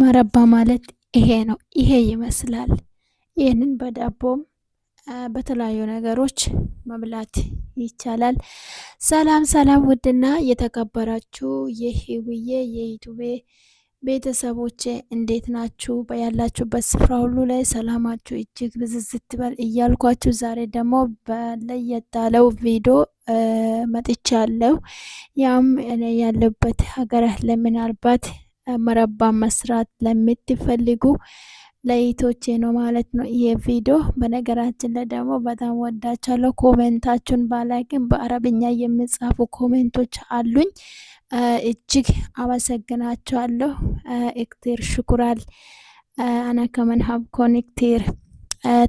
መረባ ማለት ይሄ ነው። ይሄ ይመስላል። ይህንን በዳቦም በተለያዩ ነገሮች መብላት ይቻላል። ሰላም ሰላም! ውድና የተከበራችሁ የህውዬ የዩቱቤ ቤተሰቦቼ እንዴት ናችሁ? በያላችሁበት ስፍራ ሁሉ ላይ ሰላማችሁ እጅግ ብዝዝት በል እያልኳችሁ ዛሬ ደግሞ በለየት ያለው ቪዲዮ መጥቻለሁ። ያም እኔ ያለበት ሀገር ለምናልባት መረባ መስራት ለምትፈልጉ ለይቶቼ ነው ማለት ነው ይሄ ቪዲዮ። በነገራችን ላይ ደግሞ በጣም ወዳቻለሁ። ኮሜንታችሁን ባላቅም በአረብኛ የሚጻፉ ኮሜንቶች አሉኝ። እጅግ አመሰግናቸዋለሁ። እክቴር ሽኩራል ከመን ሀብ ኮኔክቴር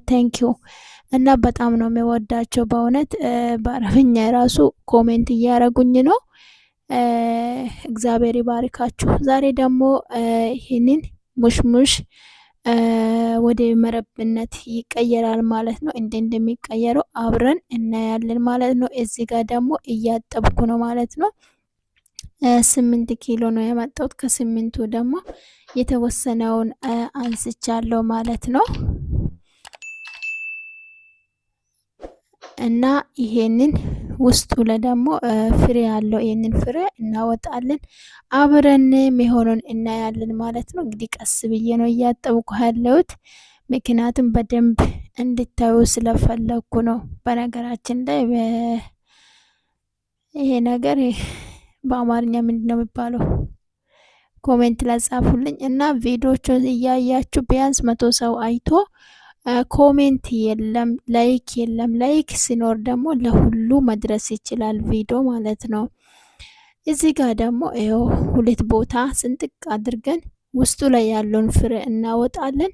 ቴንኪዩ እና በጣም ነው የሚወዳቸው በእውነት በአረብኛ የራሱ ኮሜንት እያረጉኝ ነው እግዚአብሔር ይባርካችሁ። ዛሬ ደግሞ ይህንን ሙሽሙሽ ወደ መረብነት ይቀየራል ማለት ነው። እንደ እንደሚቀየረው አብረን እናያለን ማለት ነው። እዚህ ጋር ደግሞ እያጠብኩ ነው ማለት ነው። ስምንት ኪሎ ነው የመጣሁት። ከስምንቱ ደግሞ የተወሰነውን አንስቻለሁ ማለት ነው እና ይሄንን ውስጡ ላይ ደግሞ ፍሬ ያለው ይህንን ፍሬ እናወጣለን። አብረን የሚሆነውን እናያለን ማለት ነው። እንግዲህ ቀስ ብዬ ነው እያጠብኩ ያለሁት ምክንያቱም በደንብ እንድታዩ ስለፈለግኩ ነው። በነገራችን ላይ ይሄ ነገር በአማርኛ ምንድን ነው የሚባለው? ኮሜንት ላይ ጻፉልኝ እና ቪዲዮቹን እያያችሁ ቢያንስ መቶ ሰው አይቶ ኮሜንት የለም፣ ላይክ የለም። ላይክ ሲኖር ደግሞ ለሁሉ መድረስ ይችላል ቪዲዮ ማለት ነው። እዚህ ጋር ደግሞ ይኸው ሁለት ቦታ ስንጥቅ አድርገን ውስጡ ላይ ያለውን ፍሬ እናወጣለን።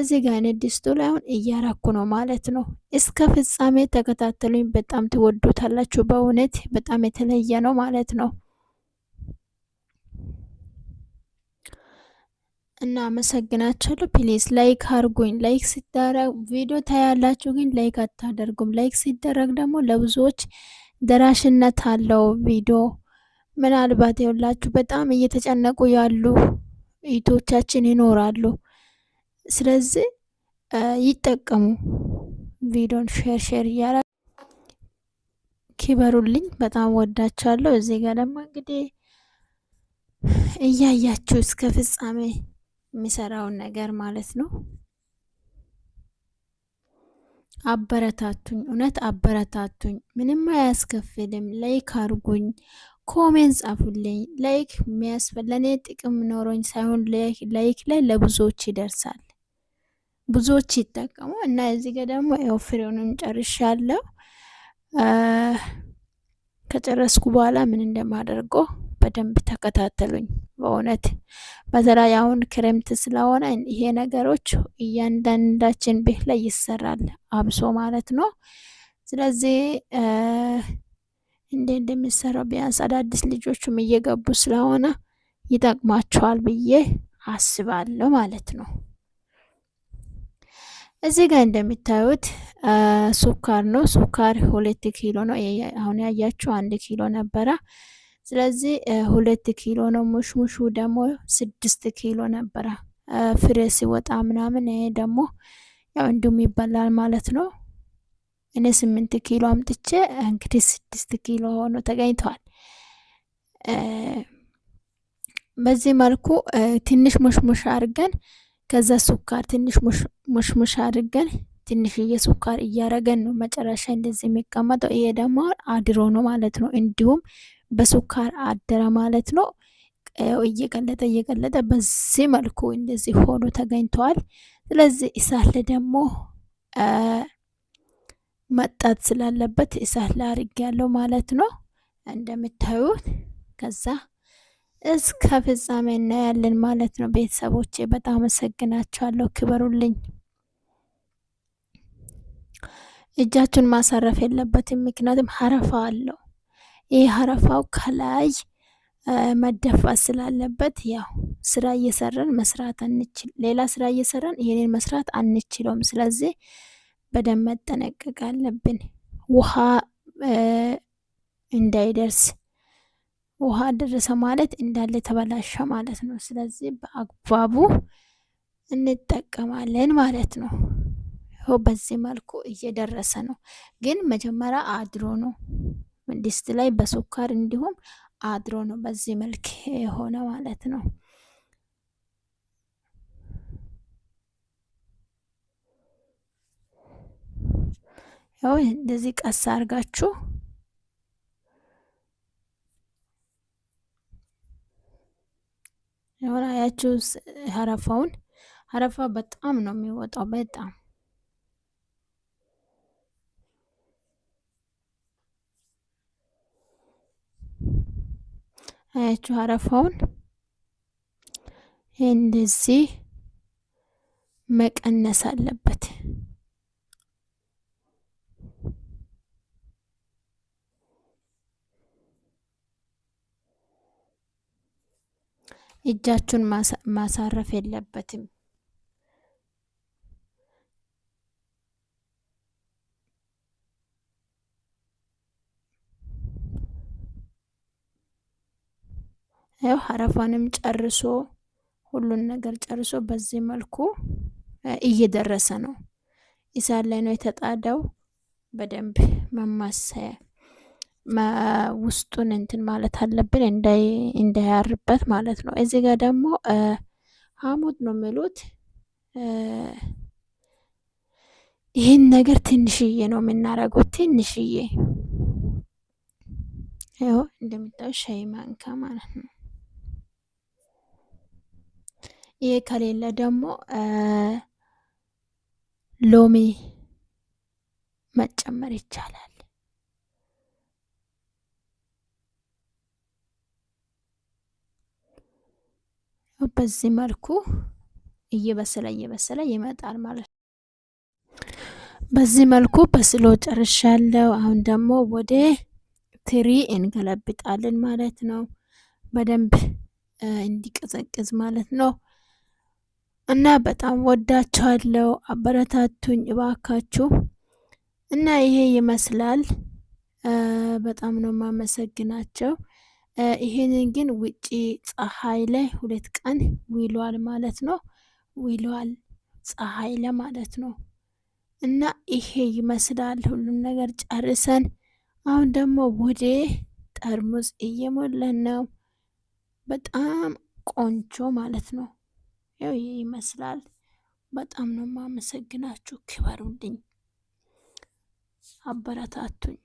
እዚህ ጋር እኔ ድስቱ ላይ አሁን እያረኩ ነው ማለት ነው። እስከ ፍጻሜ ተከታተሉኝ። በጣም ትወዱታላችሁ። በእውነት በጣም የተለየ ነው ማለት ነው። እና አመሰግናችኋለሁ። ፕሊዝ ላይክ አርጉኝ። ላይክ ሲደረግ ቪዲዮ ታያላችሁ፣ ግን ላይክ አታደርጉም። ላይክ ሲደረግ ደግሞ ለብዙዎች ደራሽነት አለው ቪዲዮ። ምናልባት የሁላችሁ በጣም እየተጨነቁ ያሉ እህቶቻችን ይኖራሉ። ስለዚህ ይጠቀሙ። ቪዲዮን ሼር ሼር እያራ ኪበሩልኝ። በጣም ወዳቸዋለሁ። እዚህ ጋር ደግሞ እንግዲህ እያያችሁ እስከ ፍጻሜ የሚሰራውን ነገር ማለት ነው። አበረታቱኝ፣ እውነት አበረታቱኝ። ምንም አያስከፍልም። ላይክ አርጉኝ፣ ኮሜንት ጻፉልኝ። ላይክ የሚያስፈል ጥቅም ኖሮኝ ሳይሆን ላይክ ላይ ለብዙዎች ይደርሳል፣ ብዙዎች ይጠቀሙ እና እዚህ ጋ ደግሞ ያው ፍሬውንም ጨርሻለሁ። ከጨረስኩ በኋላ ምን እንደማደርገው በደንብ ተከታተሉኝ። በእውነት በተለይ አሁን ክረምት ስለሆነ ይሄ ነገሮች እያንዳንዳችን ቤት ላይ ይሰራል፣ አብሶ ማለት ነው። ስለዚህ እንዴ እንደሚሰራው ቢያንስ አዳዲስ ልጆቹም እየገቡ ስለሆነ ይጠቅማቸዋል ብዬ አስባለሁ ማለት ነው። እዚህ ጋር እንደሚታዩት ሱካር ነው። ሱካር ሁለት ኪሎ ነው። አሁን ያያችሁ አንድ ኪሎ ነበረ። ስለዚህ ሁለት ኪሎ ነው። ሙሽሙሹ ደግሞ ስድስት ኪሎ ነበረ ፍሬ ሲወጣ ምናምን። ይሄ ደግሞ ያው እንዲሁም ይበላል ማለት ነው። እኔ ስምንት ኪሎ አምጥቼ እንግዲህ ስድስት ኪሎ ሆኖ ተገኝተዋል። በዚህ መልኩ ትንሽ ሙሽሙሽ አድርገን ከዛ ሱካር ትንሽ ሙሽሙሽ አድርገን ትንሽዬ ሱካር እያረገን ነው መጨረሻ እንደዚህ የሚቀመጠው። ይሄ ደግሞ አድሮ ነው ማለት ነው። እንዲሁም በሱካር አደረ ማለት ነው። እየቀለጠ እየቀለጠ በዚህ መልኩ እንደዚህ ሆኖ ተገኝተዋል። ስለዚህ እሳት ላይ ደግሞ መጣት ስላለበት እሳት ላይ አርግ ያለው ማለት ነው እንደምታዩት ከዛ እስከ ፍጻሜ እናያለን ማለት ነው። ቤተሰቦቼ በጣም አመሰግናችኋለሁ። ክበሩልኝ። እጃችሁን ማሳረፍ የለበትም፣ ምክንያቱም ሀረፋ አለው። ይህ አረፋው ከላይ መደፋት ስላለበት ያው ስራ እየሰራን መስራት አንችል ሌላ ስራ እየሰራን ይህንን መስራት አንችለውም። ስለዚህ በደንብ መጠነቀቅ አለብን። ውሃ እንዳይደርስ ውሃ ደረሰ ማለት እንዳለ ተበላሸ ማለት ነው። ስለዚህ በአግባቡ እንጠቀማለን ማለት ነው። በዚህ መልኩ እየደረሰ ነው፣ ግን መጀመሪያ አድሮ ነው። ድስት ላይ በሱካር እንዲሁም አድሮ ነው በዚህ መልክ የሆነ ማለት ነው። ያው እንደዚህ ቀስ አድርጋችሁ የሆነ አያችሁ ሀረፋውን ሀረፋ በጣም ነው የሚወጣው በጣም አያችሁ አረፋውን እንደዚህ መቀነስ አለበት። እጃችሁን ማሳረፍ የለበትም። ያው አረፋንም ጨርሶ ሁሉን ነገር ጨርሶ በዚህ መልኩ እየደረሰ ነው። እሳት ላይ ነው የተጣደው። በደንብ መማሰያ ውስጡን እንትን ማለት አለብን እንዳያርበት ማለት ነው። እዚህ ጋር ደግሞ ሀሙድ ነው የሚሉት። ይህን ነገር ትንሽዬ ነው የምናረገው። ትንሽዬ ይኸው እንደምታዩት ሻይ ማንካ ማለት ነው። ይሄ ከሌለ ደግሞ ሎሚ መጨመር ይቻላል። በዚህ መልኩ እየበሰለ እየበሰለ ይመጣል ማለት ነው። በዚህ መልኩ በስሎ ጨርሻለሁ። አሁን ደግሞ ወደ ትሪ እንገለብጣለን ማለት ነው። በደንብ እንዲቀዘቅዝ ማለት ነው። እና በጣም ወዳችኋለሁ። አበረታቱኝ እባካችሁ። እና ይሄ ይመስላል። በጣም ነው የማመሰግናቸው። ይሄንን ግን ውጪ ፀሐይ ላይ ሁለት ቀን ውሏል ማለት ነው። ውሏል ፀሐይ ላይ ማለት ነው። እና ይሄ ይመስላል። ሁሉም ነገር ጨርሰን አሁን ደግሞ ወደ ጠርሙስ እየሞለን ነው። በጣም ቆንጆ ማለት ነው። ያው ይህ ይመስላል። በጣም ነው ማመሰግናችሁ። ክበሩልኝ፣ አበረታቱኝ።